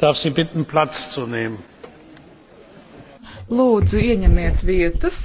darf Sie bitten, Platz zu nehmen. Lūdzu, ieņemiet vietas.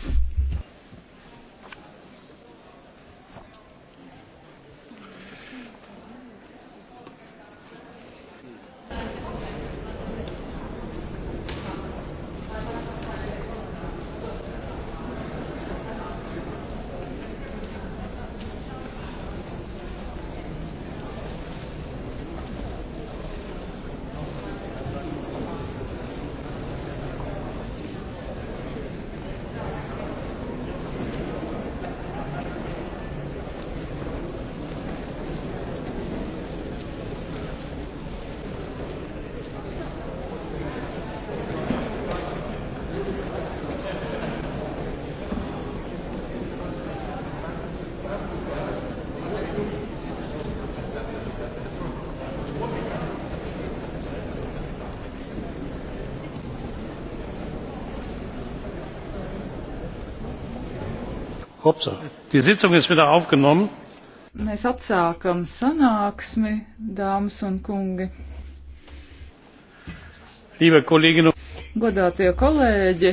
Die Sitzung ist wieder aufgenommen. Mēs atsākam sanāksmi, dāmas un kungi. Liebe Kolleginnen und Godātie kolēģi,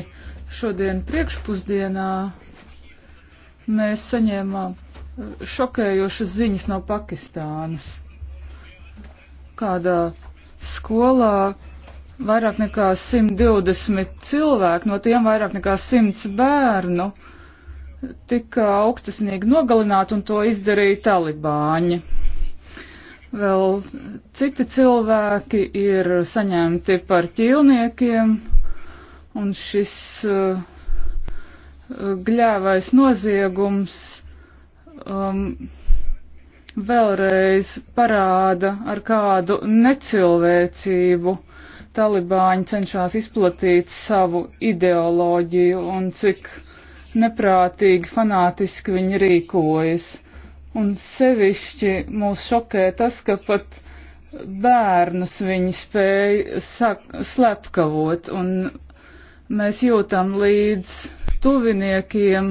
šodien priekšpusdienā mēs saņēmām eh, šokējošas ziņas no Pakistānas. Kādā skolā vairāk nekā 120 cilvēku, no tiem vairāk nekā 100 bērnu tika augstasniegi nogalināti un to izdarīja talibāņi. Vēl citi cilvēki ir saņemti par ķīlniekiem un šis uh, gļēvais noziegums um, vēlreiz parāda ar kādu necilvēcību talibāņi cenšas izplatīt savu ideoloģiju un cik uh, neprātīgi, fanātiski viņi rīkojas. Un sevišķi mūs šokē tas, ka pat bērnus viņi spēja slepkavot, un mēs jūtam līdz tuviniekiem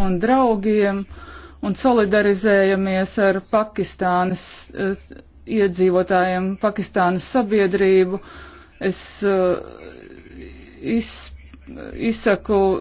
un draugiem un solidarizējamies ar Pakistānas uh, iedzīvotājiem, Pakistānas sabiedrību. Es uh, iz, izsaku